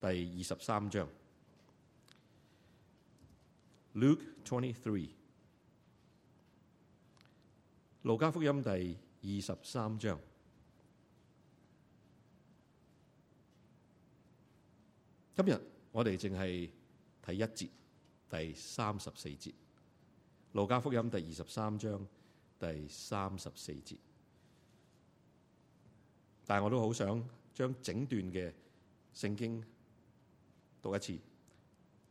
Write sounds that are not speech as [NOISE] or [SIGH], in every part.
第二十三章，Luke twenty three，路加福音第二十三章。今日我哋淨係睇一節，第三十四節，路加福音第二十三章第三十四節。但我都好想將整段嘅聖經。讀一次，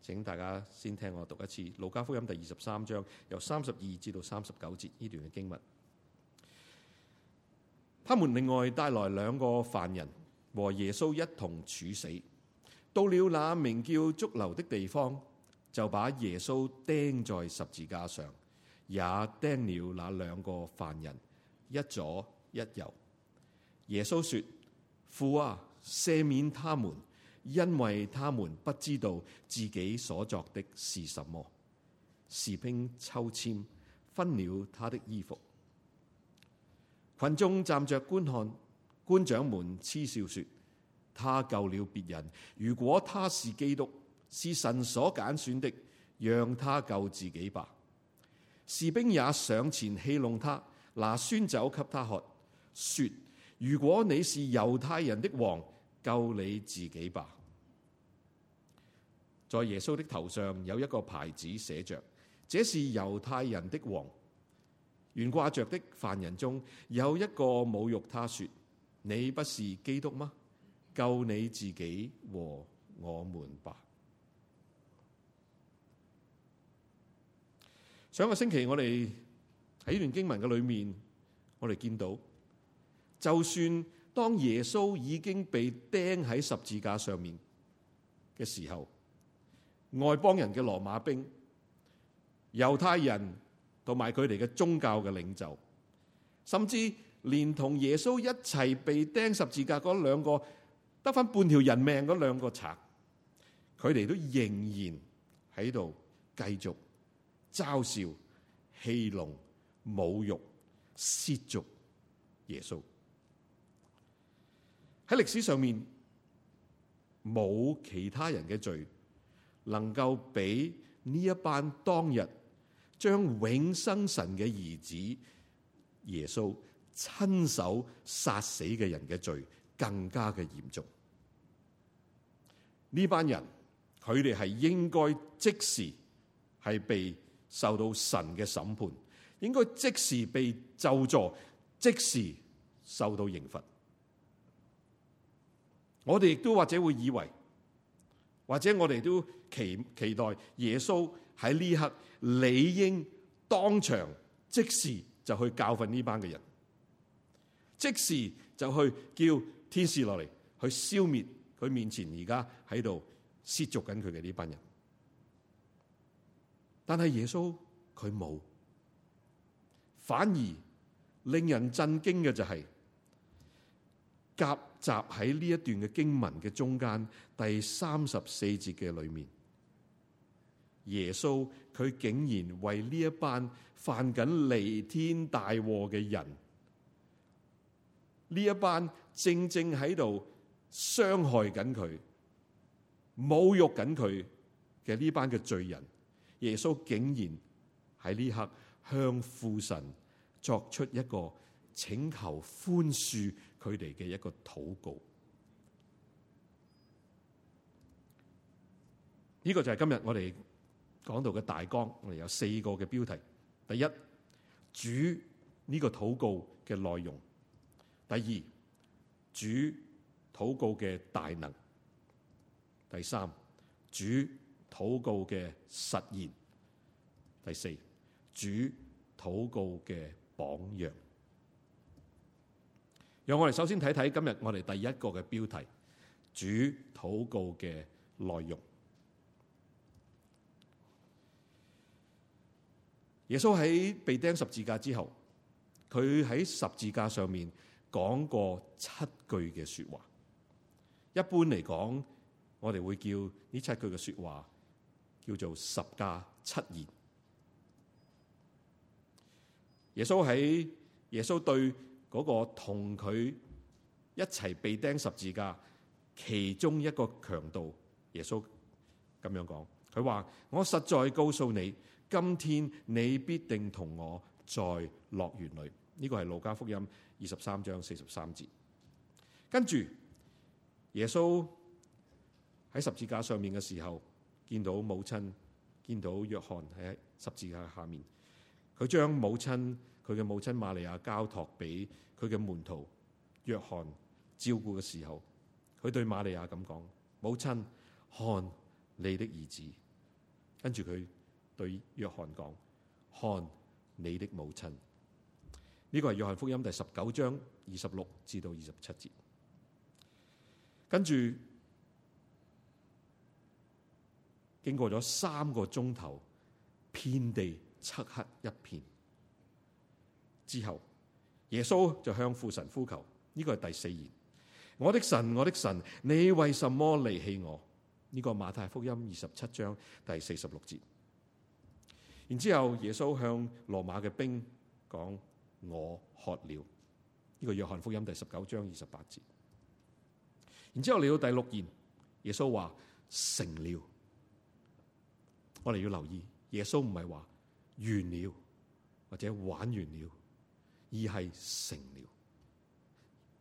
請大家先聽我讀一次《路加福音》第二十三章由三十二至到三十九節呢段嘅經文。他們另外帶來兩個犯人和耶穌一同處死。到了那名叫髑髏的地方，就把耶穌釘在十字架上，也釘了那兩個犯人一左一右。耶穌說：父啊，赦免他們。因為他們不知道自己所作的是什麼，士兵抽簽，分了他的衣服，群眾站着觀看，官長們嗤笑說：他救了別人，如果他是基督，是神所揀選的，讓他救自己吧。士兵也上前戲弄他，拿酸酒給他喝，說：如果你是猶太人的王，救你自己吧。在耶穌的頭上有一個牌子，寫着這是猶太人的王。懸掛着的犯人中有一個侮辱他說：你不是基督嗎？救你自己和我們吧。上個星期我哋喺呢段經文嘅裏面，我哋見到就算當耶穌已經被釘喺十字架上面嘅時候。外邦人嘅羅馬兵、猶太人同埋佢哋嘅宗教嘅領袖，甚至連同耶穌一齊被釘十字架嗰兩個，得翻半條人命嗰兩個賊，佢哋都仍然喺度繼續嘲笑、戲弄、侮辱、褻瀆耶穌。喺歷史上面，冇其他人嘅罪。能夠比呢一班當日將永生神嘅兒子耶穌親手殺死嘅人嘅罪更加嘅嚴重，呢班人佢哋係應該即時係被受到神嘅審判，應該即時被咒詛，即時受到刑罰。我哋亦都或者會以為。或者我哋都期期待耶穌喺呢刻理應當場即時就去教訓呢班嘅人，即時就去叫天使落嚟去消滅佢面前而家喺度褻瀆緊佢嘅呢班人。但係耶穌佢冇，反而令人震驚嘅就係、是。夾雜喺呢一段嘅經文嘅中間，第三十四節嘅裏面，耶穌佢竟然為呢一班犯緊彌天大禍嘅人，呢一班正正喺度傷害緊佢、侮辱緊佢嘅呢班嘅罪人，耶穌竟然喺呢刻向父神作出一個請求寬恕佢哋嘅一個禱告，呢個就係今日我哋講到嘅大綱。我哋有四個嘅標題：第一，主呢個禱告嘅內容；第二，主禱告嘅大能；第三，主禱告嘅實現；第四，主禱告嘅榜樣。讓我哋首先睇睇今日我哋第一個嘅標題：主禱告嘅內容。耶穌喺被釘十字架之後，佢喺十字架上面講過七句嘅說話。一般嚟講，我哋會叫呢七句嘅說話叫做十架七言。耶穌喺耶穌對。嗰、那個同佢一齊被釘十字架，其中一個強盜。耶穌咁樣講，佢話：我實在告訴你，今天你必定同我在樂園裏。呢個係路加福音二十三章四十三節。跟住耶穌喺十字架上面嘅時候，見到母親，見到約翰喺十字架下面，佢將母親，佢嘅母親瑪利亞交託俾佢嘅門徒約翰照顧嘅時候，佢對瑪利亞咁講：母親，看你的兒子。跟住佢對約翰講：看你的母親。呢個係約翰福音第十九章二十六至到二十七節。跟住經過咗三個鐘頭，遍地漆黑一片。之後，耶穌就向父神呼求，呢個係第四言：我的神，我的神，你為什麼離棄我？呢個馬太福音二十七章第四十六節。然之後，耶穌向羅馬嘅兵講：我渴了。呢個約翰福音第十九章二十八節。然之後嚟到第六言，耶穌話成了。我哋要留意，耶穌唔係話完了，或者玩完了。二係成了，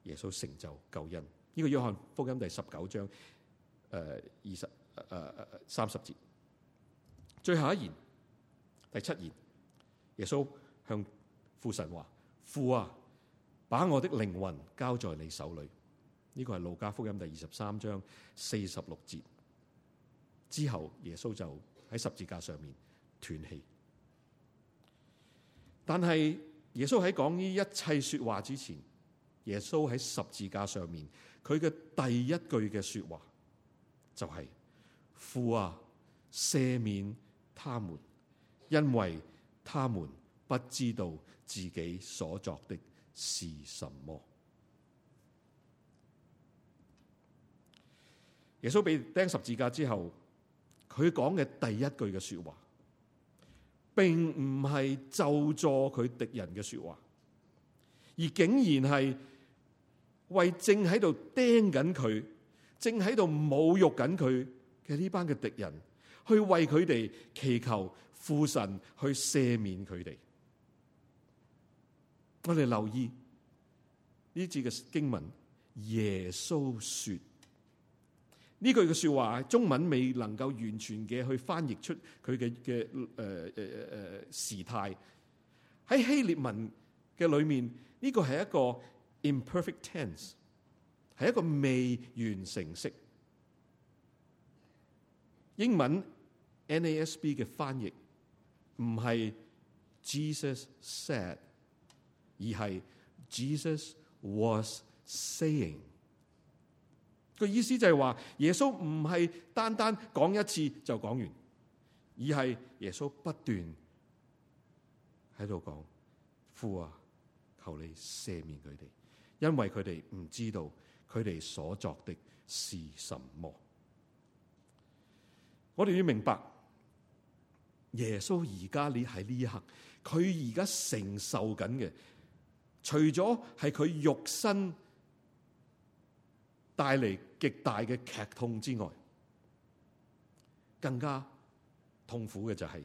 耶穌成就救恩。呢、這個約翰福音第十九章，誒、呃、二十誒、呃、三十節。最後一言，第七言，耶穌向父神話：父啊，把我的靈魂交在你手裏。呢、這個係路加福音第二十三章四十六節。之後耶穌就喺十字架上面斷氣，但係，耶穌喺講呢一切說話之前，耶穌喺十字架上面，佢嘅第一句嘅說話就係、是：父啊，赦免他們，因為他們不知道自己所作的是什麼。耶穌被釘十字架之後，佢講嘅第一句嘅說話。並唔係咒詛佢敵人嘅說話，而竟然係為正喺度釘緊佢，正喺度侮辱緊佢嘅呢班嘅敵人，去為佢哋祈求父神去赦免佢哋。我哋留意呢節嘅經文，耶穌說。呢句嘅説話，中文未能夠完全嘅去翻譯出佢嘅嘅誒誒誒時態。喺希臘文嘅裏面，呢個係一個 imperfect tense，係一個未完成式。英文 NASB 嘅翻譯唔係 Jesus said，而係 Jesus was saying。個意思就係話耶穌唔係單單講一次就講完，而係耶穌不斷喺度講：父啊，求你赦免佢哋，因為佢哋唔知道佢哋所作的是什麼。我哋要明白耶穌而家你喺呢一刻，佢而家承受緊嘅，除咗係佢肉身，帶嚟極大嘅劇痛之外，更加痛苦嘅就係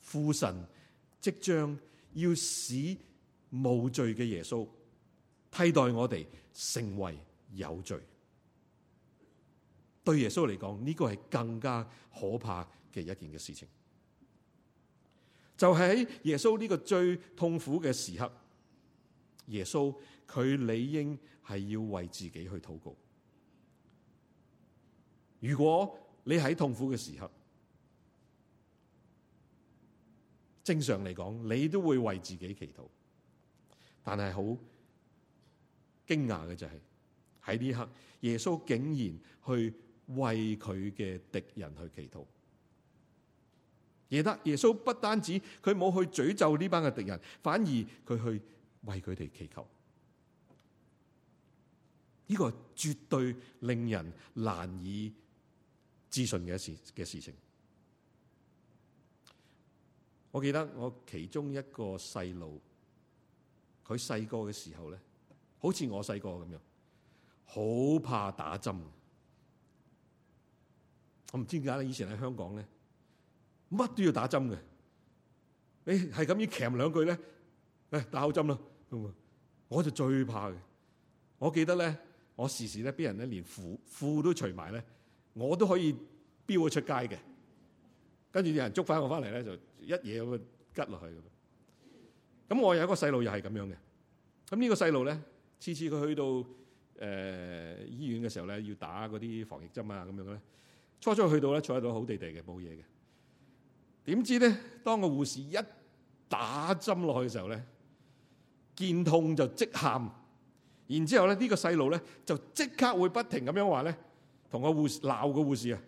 父神即將要使無罪嘅耶穌替代我哋成為有罪。對耶穌嚟講，呢個係更加可怕嘅一件嘅事情。就喺耶穌呢個最痛苦嘅時刻，耶穌。佢理應係要為自己去禱告。如果你喺痛苦嘅時刻，正常嚟講，你都會為自己祈禱。但係好驚訝嘅就係喺呢刻，耶穌竟然去為佢嘅敵人去祈禱。耶得耶穌不單止佢冇去詛咒呢班嘅敵人，反而佢去為佢哋祈禱。呢個係絕對令人難以置信嘅事嘅事情，我記得我其中一個細路，佢細個嘅時候咧，好似我細個咁樣，好怕打針。我唔知點解咧，以前喺香港咧，乜都要打針嘅，誒係咁樣夾兩句咧，誒打好針啦，咁我就最怕嘅。我記得咧。我時時咧，畀人咧連褲褲都除埋咧，我都可以飆咗出街嘅。跟住啲人捉翻我翻嚟咧，就一嘢咁樣拮落去咁。咁我有一個細路，又係咁樣嘅。咁呢個細路咧，次次佢去到誒、呃、醫院嘅時候咧，要打嗰啲防疫針啊咁樣咧。初初去到咧，坐喺度好地地嘅，冇嘢嘅。點知咧，當個護士一打針落去嘅時候咧，見痛就即喊。然之後咧，這個、呢個細路咧就即刻會不停咁樣話咧，同個護士鬧個護士啊！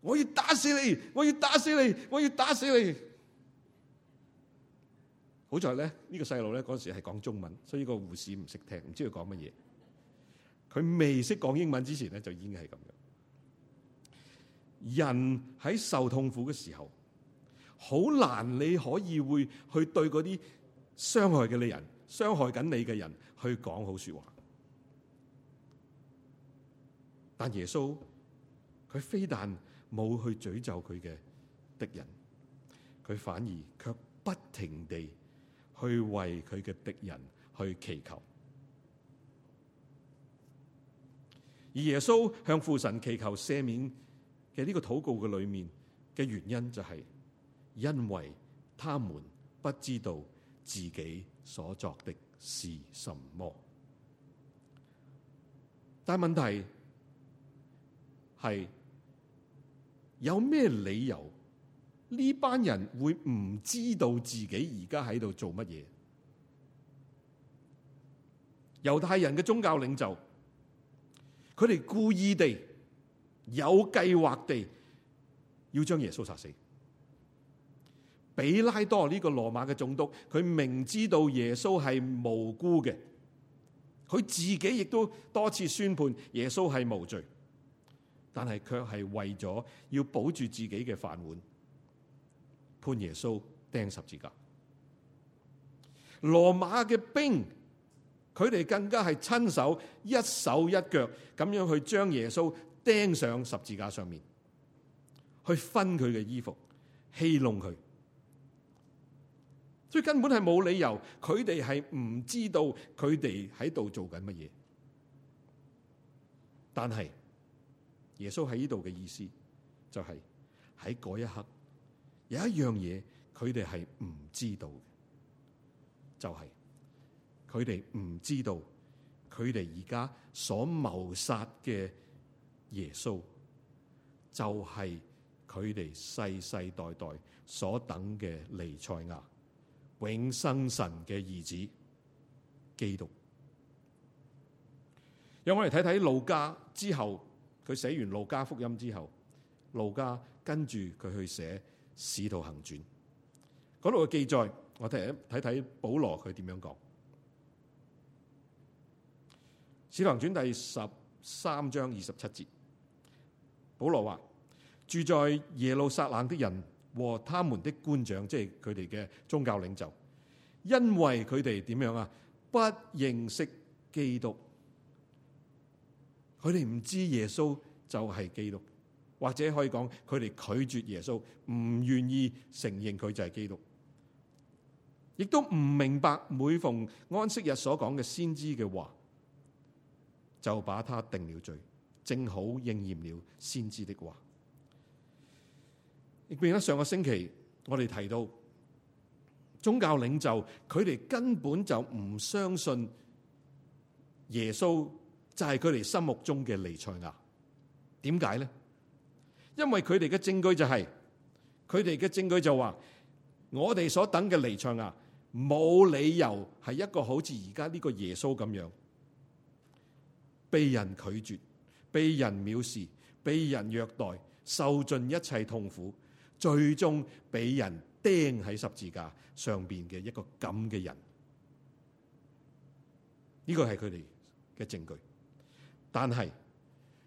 我要打死你，我要打死你，我要打死你！好在咧，這個、呢個細路咧嗰時係講中文，所以個護士唔識聽，唔知佢講乜嘢。佢未識講英文之前咧，就已經係咁樣。人喺受痛苦嘅時候，好難你可以會去對嗰啲傷害嘅你人，傷害緊你嘅人去講好說話，但耶穌佢非但冇去詛咒佢嘅敵人，佢反而卻不停地去為佢嘅敵人去祈求。而耶穌向父神祈求赦免嘅呢個禱告嘅裏面嘅原因，就是，就係因為他們不知道自己所作的，是什麼？但係問題係有咩理由呢班人會唔知道自己而家喺度做乜嘢？猶太人嘅宗教領袖，佢哋故意地、有計劃地要將耶穌殺死。比拉多呢個羅馬嘅總督，佢明知道耶穌係無辜嘅，佢自己亦都多次宣判耶穌係無罪，但係卻係為咗要保住自己嘅飯碗，判耶穌釘十字架。羅馬嘅兵，佢哋更加係親手一手一腳咁樣去將耶穌釘上十字架上面，去分佢嘅衣服，戲弄佢。所以根本係冇理由，佢哋係唔知道佢哋喺度做緊乜嘢。但係耶穌喺呢度嘅意思，就係喺嗰一刻有一樣嘢，佢哋係唔知道嘅，就係佢哋唔知道佢哋而家所謀殺嘅耶穌，就係佢哋世世代代所等嘅彌賽亞。永生神嘅兒子基督，讓我哋睇睇路加，之後佢寫完路加福音之後，路加跟住佢去寫使徒行傳嗰度嘅記載，我睇睇保羅佢點樣講使徒行傳第十三章二十七節，保羅話住在耶路撒冷的人。和他們的官長，即係佢哋嘅宗教領袖，因為佢哋點樣啊？不認識基督，佢哋唔知耶穌就係基督，或者可以講佢哋拒絕耶穌，唔願意承認佢就係基督，亦都唔明白每逢安息日所講嘅先知嘅話，就把他定了罪，正好應驗了先知的話。亦變咗上個星期，我哋提到宗教領袖，佢哋根本就唔相信耶穌就係佢哋心目中嘅彌賽亞。點解咧？因為佢哋嘅證據就係佢哋嘅證據就話，是，我哋所等嘅彌賽亞冇理由係一個好似而家呢個耶穌咁樣，被人拒絕、被人藐視、被人虐待、受盡一切痛苦。最終俾人釘喺十字架上邊嘅一個咁嘅人，呢個係佢哋嘅證據。但係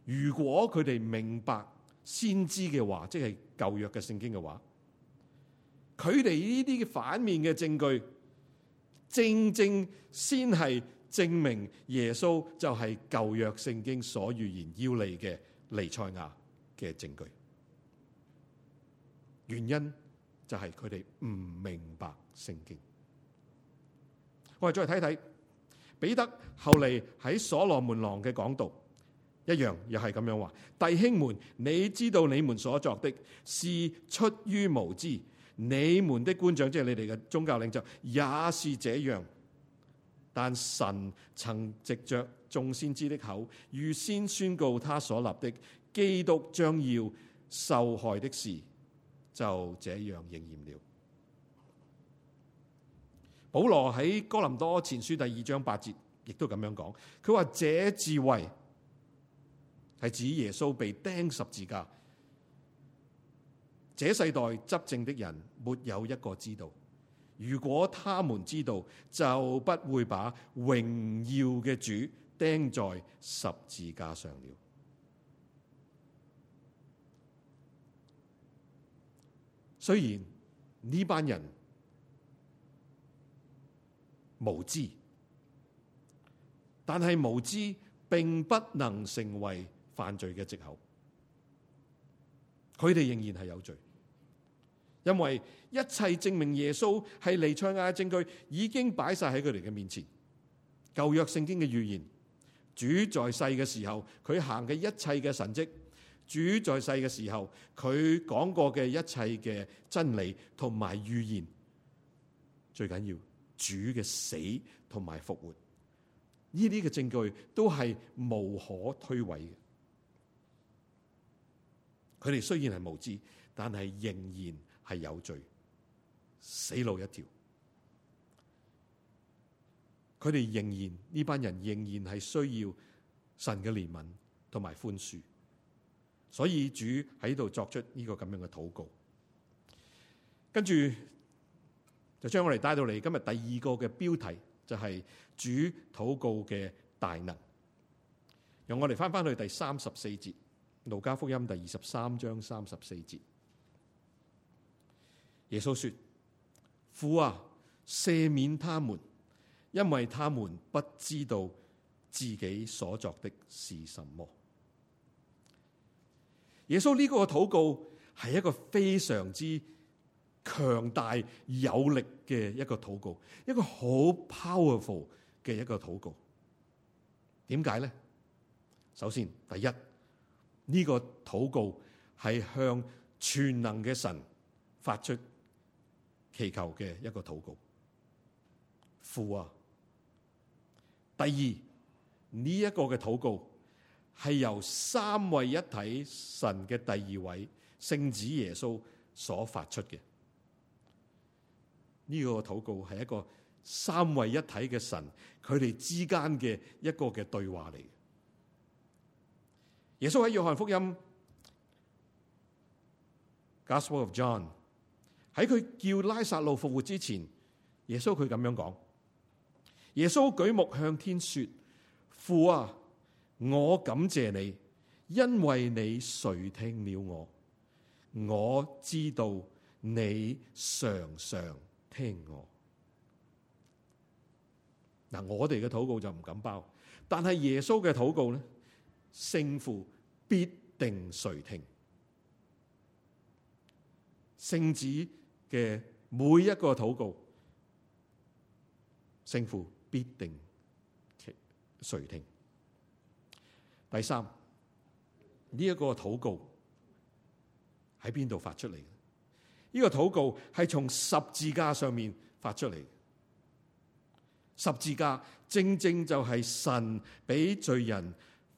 如果佢哋明白先知嘅話，即係舊約嘅聖經嘅話，佢哋呢啲反面嘅證據，正正先係證明耶穌就係舊約聖經所預言要嚟嘅彌賽亞嘅證據。原因就係佢哋唔明白聖經。我哋再嚟睇睇彼得後嚟喺所羅門廊嘅講道，一樣又係咁樣話，弟兄們，你知道你們所作的，是出於無知。你們的官長，即係你哋嘅宗教領袖，也是這樣。但神曾藉着眾先知的口預先宣告他所立的基督將要受害的事。就這樣應驗了。保羅喺哥林多前書第二章八節，亦都咁樣講。佢話：這智慧係指耶穌被釘十字架。這世代執政的人沒有一個知道，如果他們知道，就不會把榮耀嘅主釘在十字架上了。雖然呢班人無知，但係無知並不能成為犯罪嘅借口。佢哋仍然係有罪，因為一切證明耶穌係彌賽亞嘅證據已經擺晒喺佢哋嘅面前。舊約聖經嘅預言，主在世嘅時候佢行嘅一切嘅神蹟。主在世嘅時候，佢講過嘅一切嘅真理同埋預言，最緊要主嘅死同埋復活，呢啲嘅證據都係無可推諉嘅。佢哋雖然係無知，但係仍然係有罪，死路一條。佢哋仍然，呢班人仍然係需要神嘅憐憫同埋寬恕。所以主喺度作出呢個咁樣嘅禱告，跟住，就將我哋帶到嚟今日第二個嘅標題，就係、是、主禱告嘅大能。讓我哋翻翻，去第三十四節《路加福音》第二十三章三十四節。耶穌說：父啊，赦免他們，因為他們不知道自己所作的是什麼。耶穌呢個嘅禱告係一個非常之強大有力嘅一個禱告，一個好 powerful 嘅一個禱告。點解咧？首先，第一呢，這個禱告係向全能嘅神發出祈求嘅一個禱告。父啊，第二呢一，這個嘅禱告，係由三位一體神嘅第二位聖子耶穌所發出嘅，呢、這個禱告係一個三位一體嘅神佢哋之間嘅一個嘅對話嚟。耶穌喺約翰福音《Gospel of John》喺佢叫拉撒路復活之前，耶穌佢咁樣講：耶穌舉目向天說：父啊！我感謝你，因為你垂聽了我，我知道你常常聽我。嗱，我哋嘅禱告就唔敢包，但係耶穌嘅禱告咧，聖父必定垂聽，聖子嘅每一個禱告，聖父必定垂垂聽。第三，呢一個禱告喺邊度發出嚟？呢個禱告係從十字架上面發出嚟。十字架正正就係神俾罪人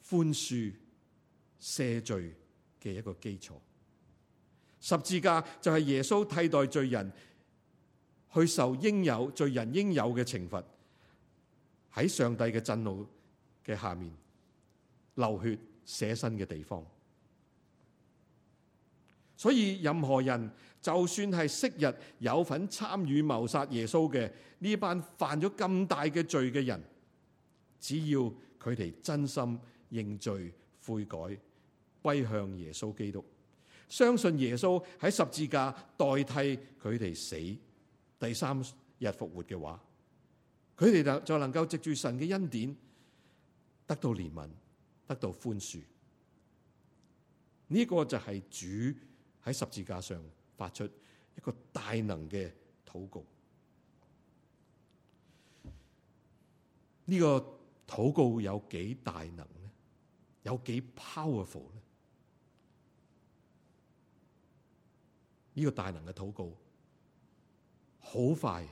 寬恕、赦罪嘅一個基礎。十字架就係耶穌替代罪人去受應有罪人應有嘅懲罰，喺上帝嘅震怒嘅下面。流血捨身嘅地方，所以任何人就算係昔日有份參與謀殺耶穌嘅呢班犯咗咁大嘅罪嘅人，只要佢哋真心認罪悔改，歸向耶穌基督，相信耶穌喺十字架代替佢哋死，第三日復活嘅話，佢哋就就能夠藉住神嘅恩典得到憐憫。得到寬恕，呢個就係主喺十字架上發出一個大能嘅禱告。呢個禱告有幾大能呢？有幾 powerful 呢？呢個大能嘅禱告，好快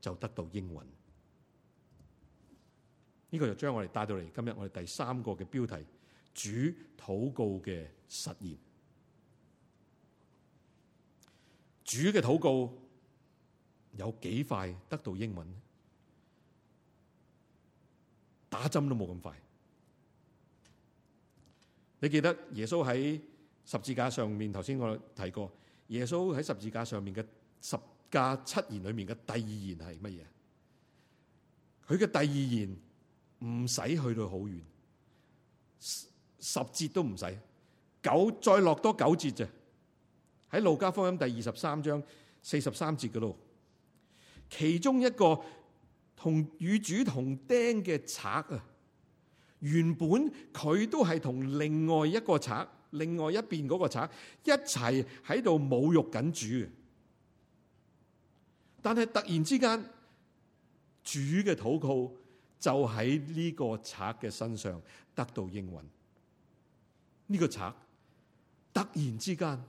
就得到應允。呢、這個就將我哋帶到嚟，今日我哋第三個嘅標題：主禱告嘅實現。主嘅禱告有幾快得到英文呢？打針都冇咁快。你記得耶穌喺十字架上面，頭先我提過，耶穌喺十字架上面嘅十架七言裏面嘅第二言係乜嘢？佢嘅第二言。唔使去到好遠，十節都唔使，九再落多九節啫。喺路加福音第二十三章四十三節度，其中一個同與主同釘嘅賊啊，原本佢都係同另外一個賊、另外一邊嗰個賊一齊喺度侮辱緊主，但係突然之間主嘅禱告。就喺呢個賊嘅身上得到應允。呢個賊突然之間，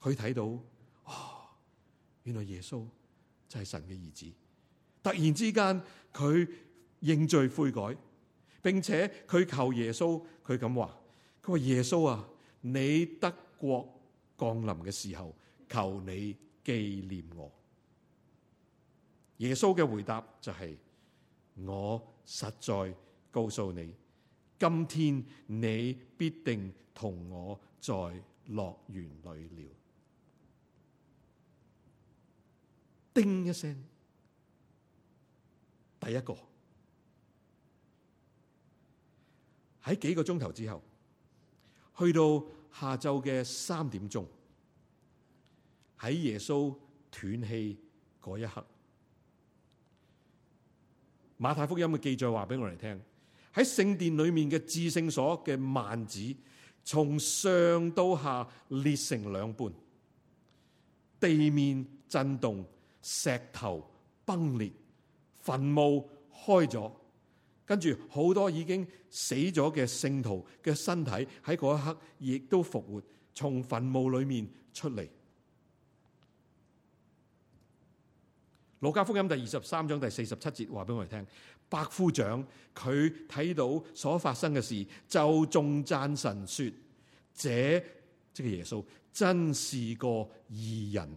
佢睇到，哦，原來耶穌就係神嘅兒子。突然之間，佢認罪悔改，並且佢求耶穌，佢咁話：佢話耶穌啊，你得國降臨嘅時候，求你紀念我。耶穌嘅回答就係、是：我實在告訴你，今天你必定同我在樂園裏了。叮一聲，第一個喺幾個鐘頭之後，去到下晝嘅三點鐘，喺耶穌斷氣嗰一刻。馬太福音嘅記載話俾我哋聽，喺聖殿裏面嘅至聖所嘅幔子，從上到下裂成兩半，地面震動，石頭崩裂，墳墓開咗，跟住好多已經死咗嘅聖徒嘅身體喺嗰一刻亦都復活，從墳墓裏面出嚟。《路加福音》第二十三章第四十七節話俾我哋聽，百夫長佢睇到所發生嘅事，就眾讚神說：，這即係耶穌，真是個義人。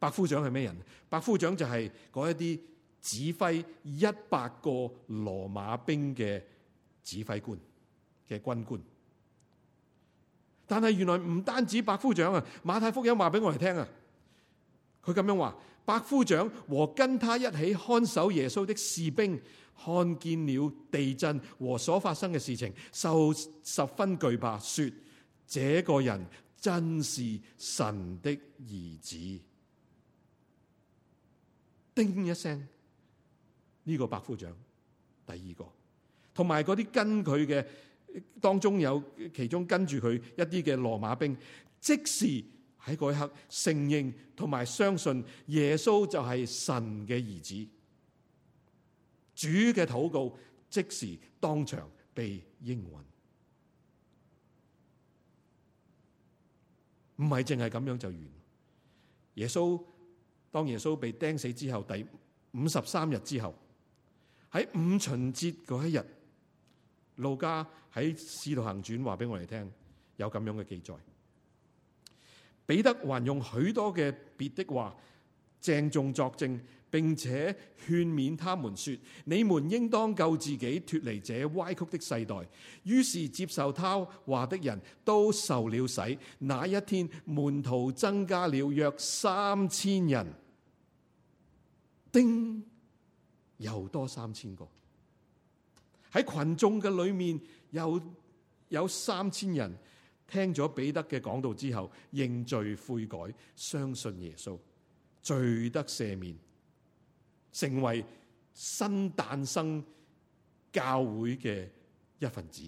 百夫長係咩人？百夫長就係嗰一啲指揮一百個羅馬兵嘅指揮官嘅軍官。但係原來唔單止百夫長啊，馬太福音話俾我哋聽啊。佢咁樣話：百夫長和跟他一起看守耶穌的士兵看見了地震和所發生嘅事情，就十分懼怕，說：這個人真是神的兒子。叮一聲，呢、這個百夫長，第二個，同埋嗰啲跟佢嘅當中有其中跟住佢一啲嘅羅馬兵，即時。喺嗰一刻承認同埋相信耶穌就係神嘅兒子，主嘅禱告即時當場被應允，唔係淨係咁樣就完。耶穌當耶穌被釘死之後，第五十三日之後喺五旬節嗰一日，路加喺《使徒行傳》話俾我哋聽有咁樣嘅記載。彼得還用許多嘅別的話鄭重作證，並且勸勉他們說：你們應當救自己脫離這歪曲的世代。於是接受他話的人都受了洗。那一天門徒增加了約三千人。丁又多三千個。喺群眾嘅裏面，又有三千人。聽咗彼得嘅講道之後，認罪悔改，相信耶穌，罪得赦免，成為新誕生教會嘅一份子。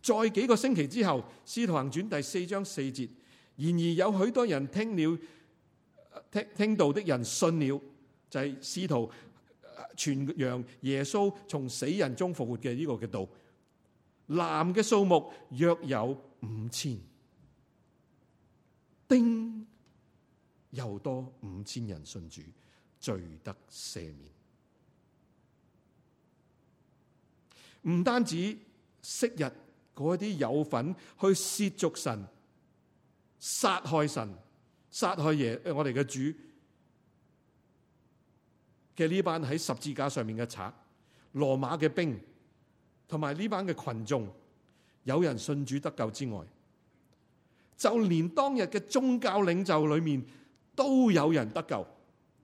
再幾個星期之後，使徒行傳第四章四節，然而有許多人聽了聽聽到的人信了，就係、是、使徒傳揚耶穌從死人中復活嘅呢個嘅道。男嘅數目約有五千，丁又多五千人信主，罪得赦免。唔單止昔日嗰啲有份去褻瀆神、殺害神、殺害耶我哋嘅主嘅呢班喺十字架上面嘅賊，羅馬嘅兵。同埋呢班嘅群眾，有人信主得救之外，就連當日嘅宗教領袖裏面都有人得救。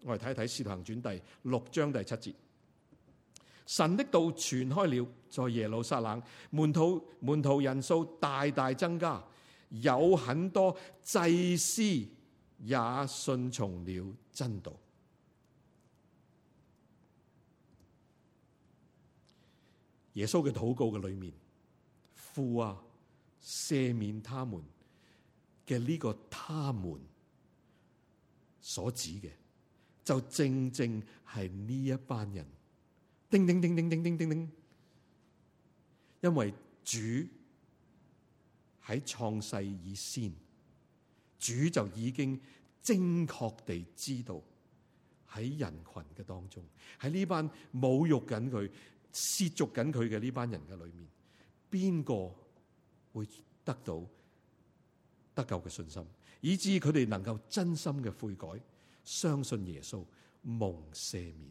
我哋睇一睇《使徒行傳》第六章第七節，神的道傳開了，在耶路撒冷，門徒門徒人數大大增加，有很多祭司也信從了真道。耶穌嘅禱告嘅裏面，父啊，赦免他們嘅，呢個他們所指嘅，就正正係呢一班人。叮叮叮叮叮叮叮叮，因為主喺創世以先，主就已經正確地知道喺人群嘅當中，喺呢班侮辱緊佢，涉足緊佢嘅呢班人嘅裏面，邊個會得到得救嘅信心，以至佢哋能夠真心嘅悔改，相信耶穌，蒙赦免。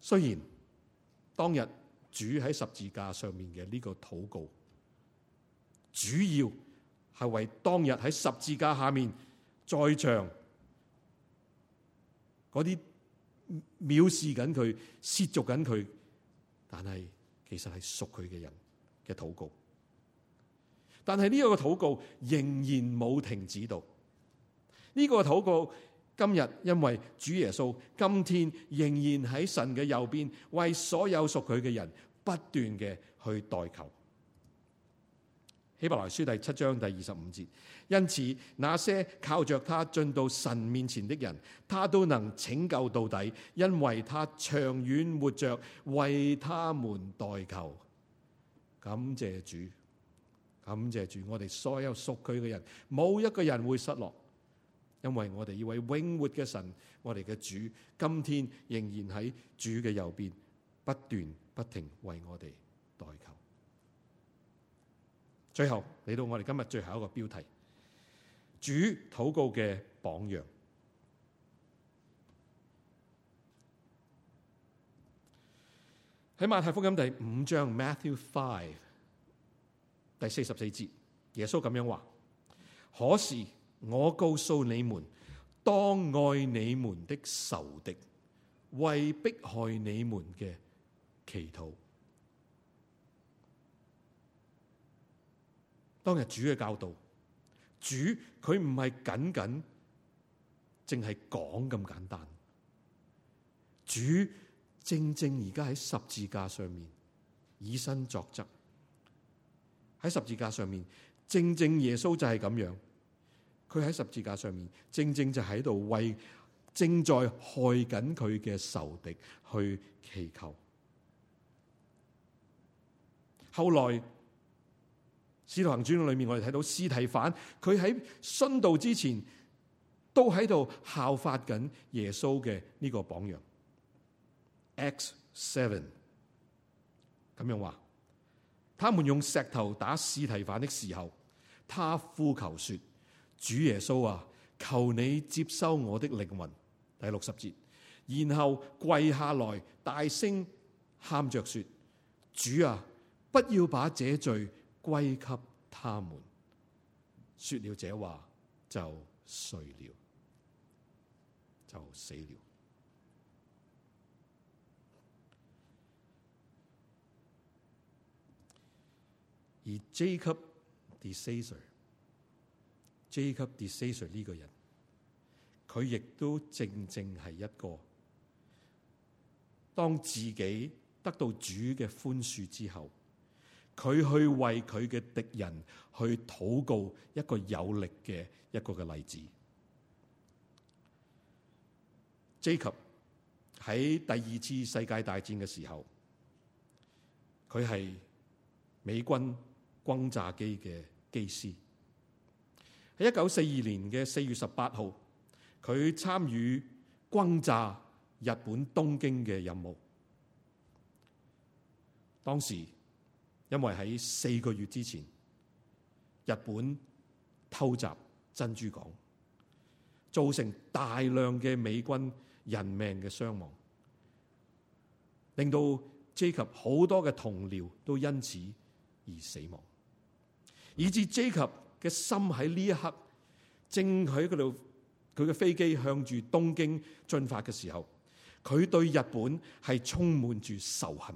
雖然當日主喺十字架上面嘅呢個禱告，主要係為當日喺十字架下面在場嗰啲。藐視緊佢，褻瀆緊佢，但係其實係屬佢嘅人嘅禱告。但係呢個禱告仍然冇停止到。呢、這個禱告今日，因為主耶穌今天仍然喺神嘅右邊，為所有屬佢嘅人不斷嘅去代求。希伯來書第七章第二十五節，因此那些靠着他進到神面前的人，他都能拯救到底，因為他長遠活着為他們代求。感謝主，感謝主，我哋所有屬佢嘅人，冇一個人會失落，因為我哋以為永活嘅神，我哋嘅主，今天仍然喺主嘅右邊，不斷不停為我哋代求。最後嚟到我哋今日最後一個標題：主禱告嘅榜樣。喺馬太福音第五章 Matthew Five 第四十四節，耶穌咁樣話：「可是我告訴你們，當愛你們的仇敵，為迫害你們嘅祈禱。當日主嘅教導，主佢唔係僅僅淨係講咁簡單。主正正而家，喺十字架上面以身作則，喺十字架上面正正耶穌就係咁樣，佢喺十字架上面正正就喺度為正在害緊佢嘅仇敵去祈求。後來。使徒行傳》裏面我哋睇到司提反，佢喺殉道之前都喺度效法緊耶穌嘅呢個榜樣。X seven 咁樣話，他們用石頭打司提反的時候，他呼求說：主耶穌啊，求你接收我的靈魂。第六十節，然後跪下來，大聲喊着說：主啊，不要把這罪。歸給他們，說了這話就睡了，就死了。而 J 級 decision，J 級 decision 呢個人，佢亦都正正係一個，當自己得到主嘅寬恕之後，佢去為佢嘅敵人去禱告，一個有力嘅一個嘅例子。Jacob 喺第二次世界大戰嘅時候，佢係美軍轟炸機嘅機師。喺一九四二年嘅四月十八號，佢參與轟炸日本東京嘅任務。當時，因為喺四個月之前，日本偷襲珍珠港，造成大量嘅美軍人命嘅傷亡，令到 Jacob 好多嘅同僚都因此而死亡，以至 Jacob 嘅心喺呢一刻正喺佢度，佢嘅飛機向住東京進發嘅時候，佢對日本係充滿住仇恨。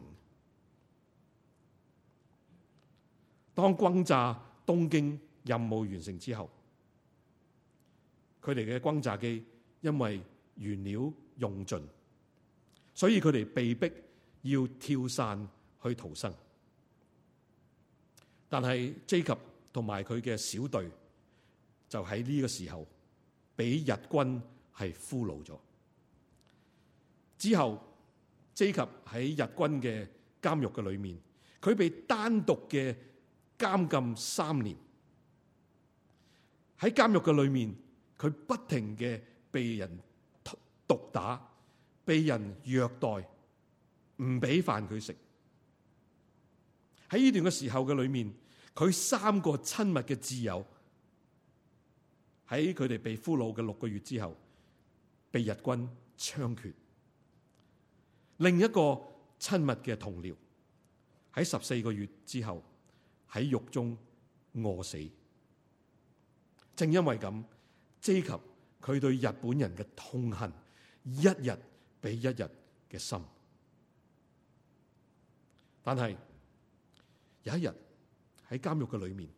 當轟炸東京任務完成之後，佢哋嘅轟炸機因為原料用盡，所以佢哋被迫要跳傘去逃生。但係 Jake 同埋佢嘅小隊就喺呢個時候俾日軍係俘虜咗。之後 Jake 喺日軍嘅監獄嘅裏面，佢被單獨嘅。監禁三年，喺監獄嘅裏面，佢不停嘅被人毒打、被人虐待，唔俾飯佢食。喺呢段嘅時候嘅裏面，佢三個親密嘅摯友喺佢哋被俘虜嘅六個月之後被日軍槍決，另一個親密嘅同僚喺十四個月之後。喺獄中餓死，正因為咁，以及佢對日本人嘅痛恨，一日比一日嘅深。但係有一日喺監獄嘅裏面，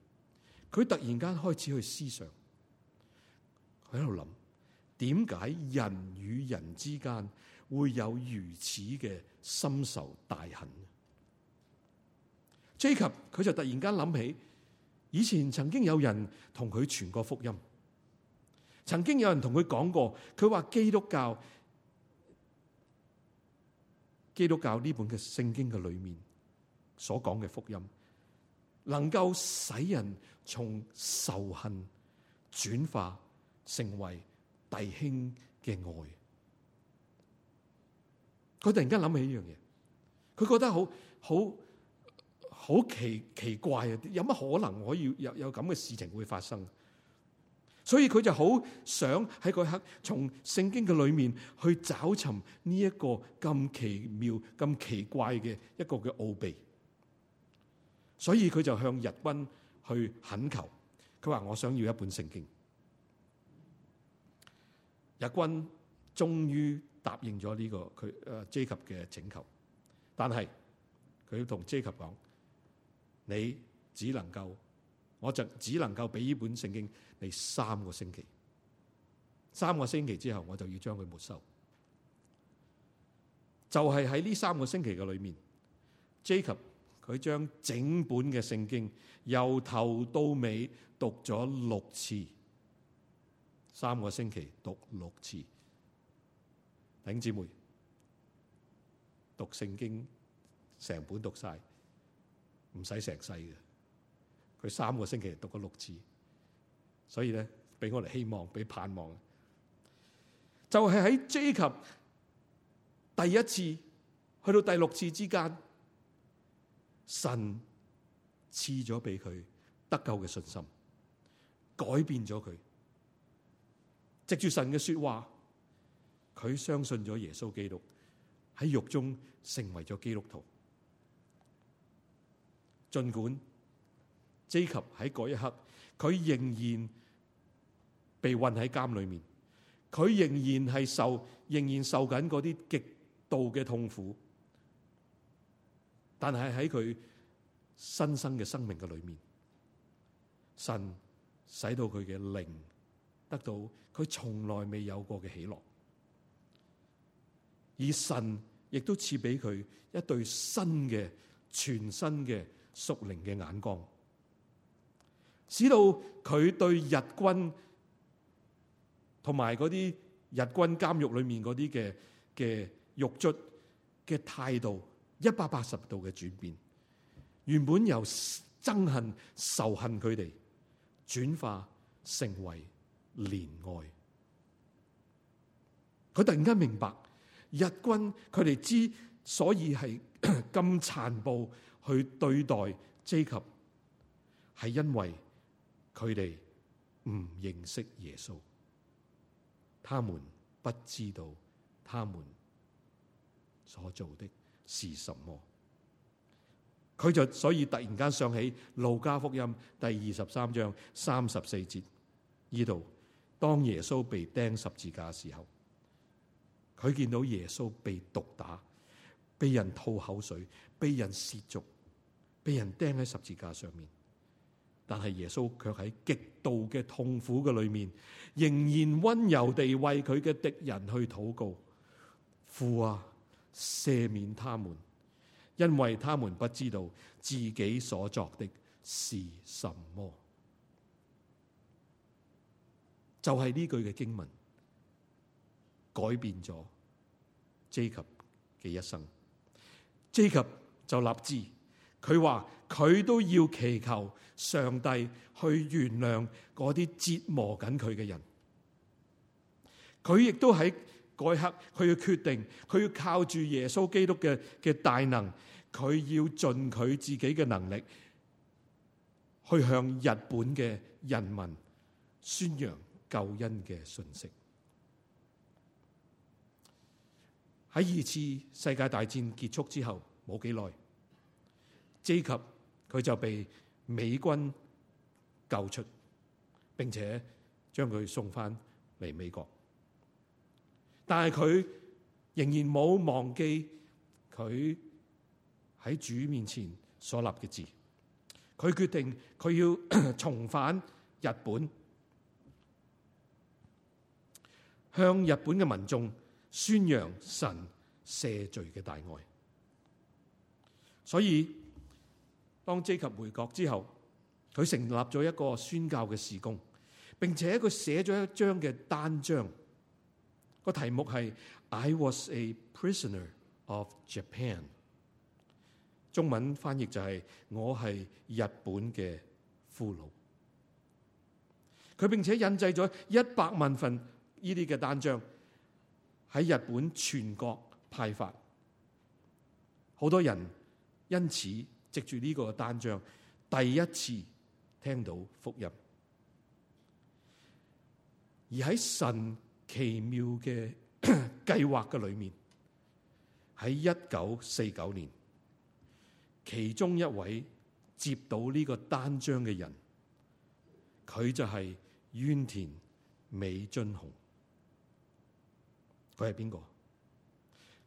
佢突然間開始去思想，佢喺度諗點解人與人之間會有如此嘅深仇大恨？Jacob，佢就突然間諗起，以前曾經有人同佢傳過福音，曾經有人同佢講過，佢話基督教、基督教呢本嘅聖經嘅裏面所講嘅福音，能夠使人從仇恨轉化成為弟兄嘅愛。佢突然間諗起一樣嘢，佢覺得好好。很好奇奇怪啊！有乜可能可以有有咁嘅事情會發生？所以佢就好想喺嗰刻從聖經嘅裏面去找尋呢一個咁奇妙、咁奇怪嘅一個嘅奧秘。所以佢就向日軍去懇求，佢話我想要一本聖經。日軍終於答應咗呢個佢誒 Jacob 嘅請求，但係佢要同 Jacob 講。你只能夠，我就只能夠俾呢本聖經你三個星期，三個星期之後我就要將佢沒收。就係喺呢三個星期嘅裏面，Jacob 佢將整本嘅聖經由頭到尾讀咗六次，三個星期讀六次。弟兄姊妹，讀聖經成本讀晒。唔使成世嘅，佢三個星期讀咗六次，所以咧俾我哋希望，俾盼望，就係喺 Jacob 第一次去到第六次之間，神賜咗俾佢得救嘅信心，改變咗佢，藉住神嘅說話，佢相信咗耶穌基督喺獄中成為咗基督徒。盡管 Jake 喺嗰一刻，佢仍然被困喺監裏面，佢仍然係受，仍然受緊嗰啲極度嘅痛苦。但係喺佢新生嘅生命嘅裏面，神使到佢嘅靈得到佢從來未有過嘅喜樂，而神亦都賜俾佢一對新嘅全新嘅。屬靈嘅眼光，使到佢對日軍同埋嗰啲日軍監獄裏面嗰啲嘅嘅獄卒嘅態度一百八十度嘅轉變，原本由憎恨、仇恨佢哋，轉化成為憐愛。佢突然間明白日軍佢哋之所以係咁殘暴，去對待 J 及係因為佢哋唔認識耶穌，他們不知道他們所做的是什麼。佢就所以突然間想起路加福音第二十三章三十四節呢度，當耶穌被釘十字架嘅時候，佢見到耶穌被毒打。被人吐口水，被人褻瀆，被人釘喺十字架上面。但係耶穌卻喺極度嘅痛苦嘅裏面，仍然溫柔地為佢嘅敵人去禱告。父啊，赦免他們，因為他們不知道自己所作的是什麼。就係、是、呢句嘅經文，改變咗 Jacob 嘅一生。Jacob 就立志，佢話佢都要祈求上帝去原諒嗰啲折磨緊佢嘅人。佢亦都喺嗰一刻，佢要決定，佢要靠住耶穌基督嘅嘅大能，佢要盡佢自己嘅能力，去向日本嘅人民宣揚救恩嘅信息。喺二次世界大戰結束之後冇幾耐，Jacob 佢就被美軍救出，並且將佢送翻嚟美國。但係佢仍然冇忘記佢喺主面前所立嘅字，佢決定佢要 [COUGHS] 重返日本，向日本嘅民眾。宣揚神赦罪嘅大愛，所以當 J 及回國之後，佢成立咗一個宣教嘅事工，並且佢寫咗一張嘅單張，個題目係 I Was a Prisoner of Japan。中文翻譯就係、是、我係日本嘅俘虜。佢並且印製咗一百萬份呢啲嘅單張。喺日本全國派發，好多人因此藉住呢個單張，第一次聽到福音。而喺神奇妙嘅計劃嘅裏面，喺一九四九年，其中一位接到呢個單張嘅人，佢就係淵田美津雄。佢係邊個？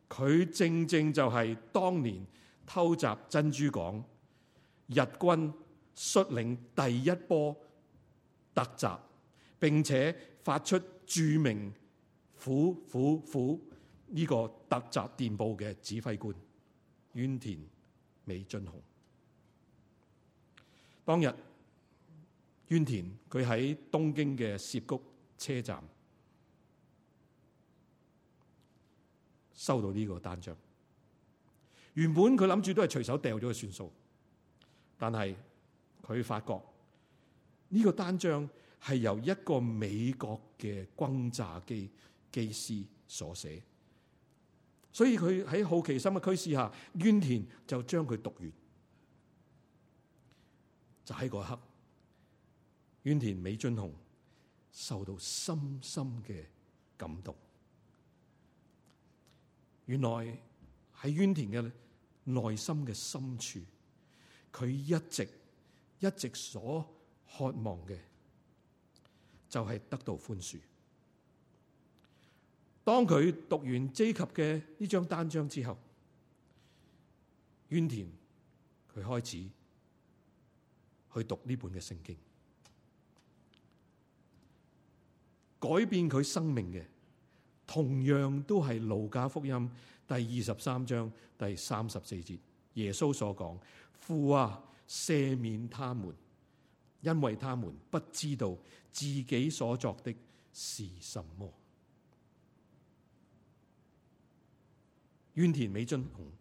佢正正就係當年偷襲珍珠港，日軍率領第一波突襲，並且發出著名“虎虎虎”呢個突襲電報嘅指揮官——淵田美津雄。當日，淵田佢喺東京嘅涉谷車站。收到呢個單張，原本佢諗住都係隨手掉咗算數，但係佢發覺呢個單張係由一個美國嘅轟炸機機師所寫，所以佢喺好奇心嘅驅使下，淵田就將佢讀完，就喺嗰一刻，淵田美津雄受到深深嘅感動。原來喺淵田嘅內心嘅深處，佢一直一直所渴望嘅就係、是、得到寬恕。當佢讀完 J 級嘅呢張單張之後，淵田佢開始去讀呢本嘅聖經，改變佢生命嘅。同樣都係《路加福音》第二十三章第三十四節，耶穌所講：父啊，赦免他們，因為他們不知道自己所作的是什麼。淵田美津雄，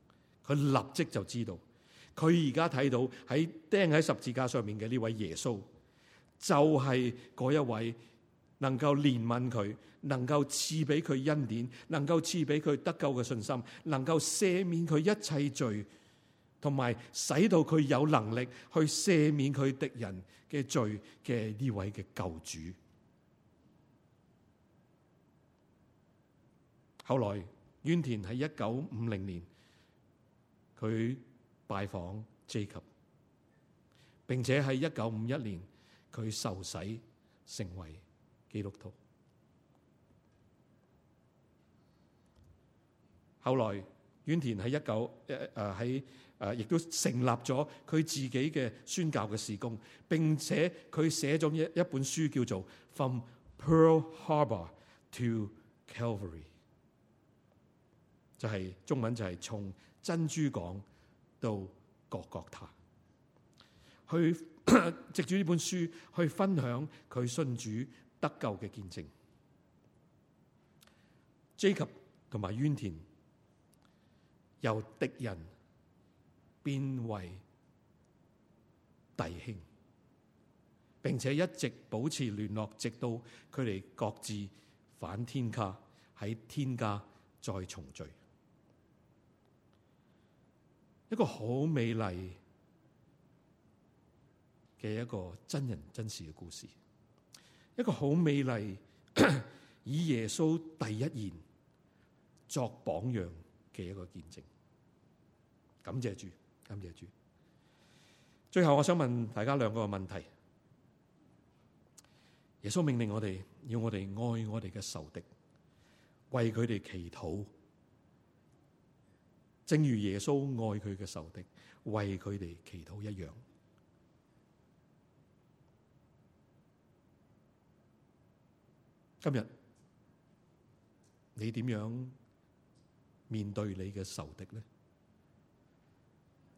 佢立即就知道，佢而家睇到喺釘喺十字架上面嘅呢位耶穌，就係、是、嗰一位。能夠憐憫佢，能夠賜俾佢恩典，能夠賜俾佢得救嘅信心，能夠赦免佢一切罪，同埋使到佢有能力去赦免佢敵人嘅罪嘅呢位嘅救主。後來淵田喺一九五零年佢拜訪 Jacob 並且喺一九五一年佢受洗成為。基督徒。後來，遠田喺一九誒誒喺誒，亦、啊啊、都成立咗佢自己嘅宣教嘅事工，並且佢寫咗一一本書叫做《From Pearl Harbor to Calvary、就是》，就係中文就係從珍珠港到各各他，去 [COUGHS] 藉住呢本書去分享佢信主得救嘅見證，Jacob 同埋淵田由敵人變為弟兄，並且一直保持聯絡，直到佢哋各自返天家，喺天家再重聚。一個好美麗嘅一個真人真事嘅故事。一個好美麗，以耶穌第一言作榜樣嘅一個見證，感謝主，感謝主。最後我想問大家兩個問題：耶穌命令我哋要我哋愛我哋嘅仇敵，為佢哋祈禱，正如耶穌愛佢嘅仇敵，為佢哋祈禱一樣。今日你點樣面對你嘅仇敵呢？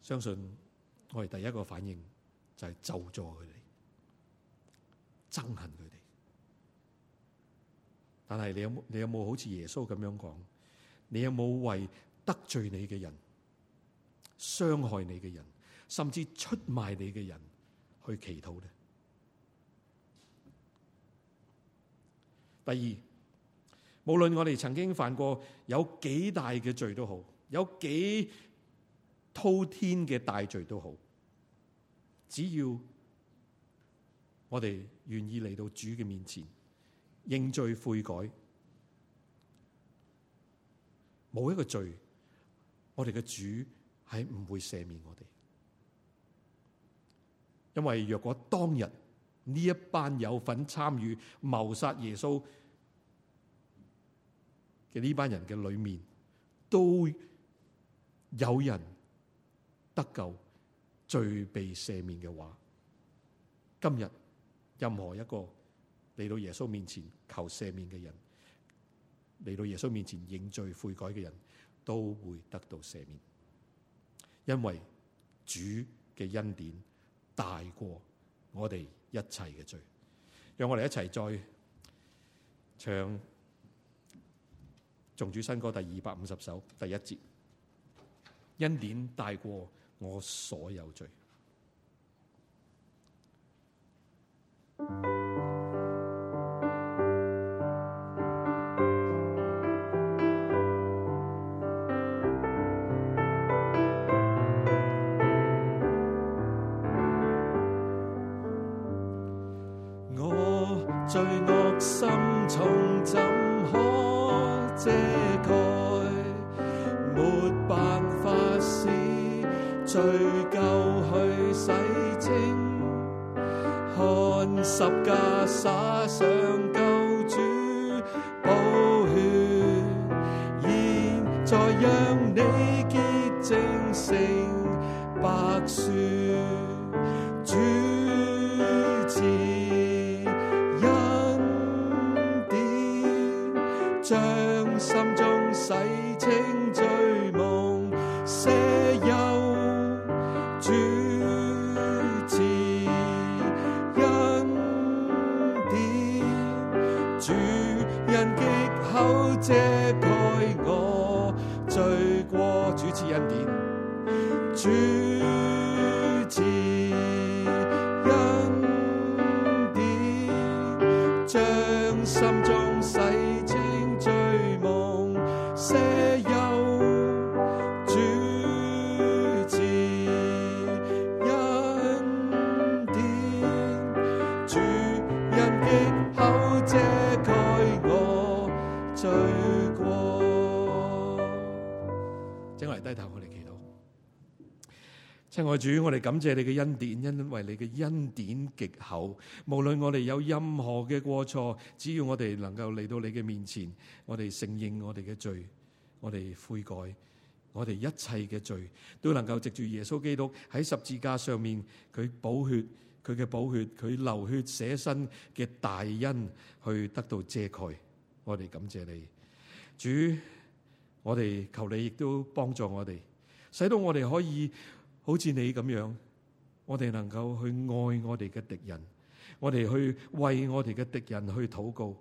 相信我哋第一個反應就係咒詛佢哋，憎恨佢哋，但係你有冇你有冇好似耶穌咁樣講：「你有冇為得罪你嘅人、傷害你嘅人，甚至出賣你嘅人去祈禱呢？」第二，無論我哋曾經犯過有幾大嘅罪都好，有幾滔天嘅大罪都好，只要我哋願意嚟到主嘅面前，認罪悔改，冇一個罪，我哋嘅主係唔會赦免我哋，因為若果當日，呢一班有份參與謀殺耶穌嘅呢班人嘅裏面，都有人得救，罪被赦免嘅話，今日任何一個嚟到耶穌面前求赦免嘅人，嚟到耶穌面前認罪悔改嘅人都會得到赦免，因為主嘅恩典大過我哋一切嘅罪，讓我哋一齊再唱《頌主新歌》第二百五十首第一節，恩典大過我所有罪。主，我哋感謝你嘅恩典，因為你嘅恩典極厚。無論我哋有任何嘅過錯，只要我哋能夠嚟到你嘅面前，我哋承認我哋嘅罪，我哋悔改，我哋一切嘅罪都能夠藉住耶穌基督喺十字架上面，佢寶血，佢嘅寶血，佢流血捨身嘅大恩去得到遮蓋。我哋感謝你，主，我哋求你亦都幫助我哋，使到我哋可以。好似你咁樣，我哋能夠去愛我哋嘅敵人，我哋去為我哋嘅敵人去禱告，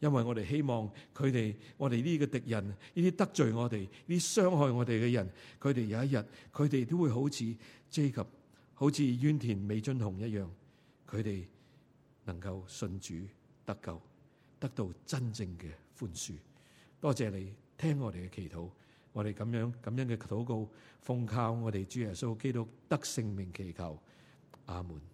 因為我哋希望佢哋，我哋呢個敵人，呢啲得罪我哋、呢啲傷害我哋嘅人，佢哋有一日，佢哋都會好似 Jacob，好似淵田美津雄一樣，佢哋能夠信主得救，得到真正嘅寬恕。多謝你聽我哋嘅祈禱。我哋咁樣咁樣嘅禱告，奉靠我哋主耶穌基督得聖名祈求，阿門。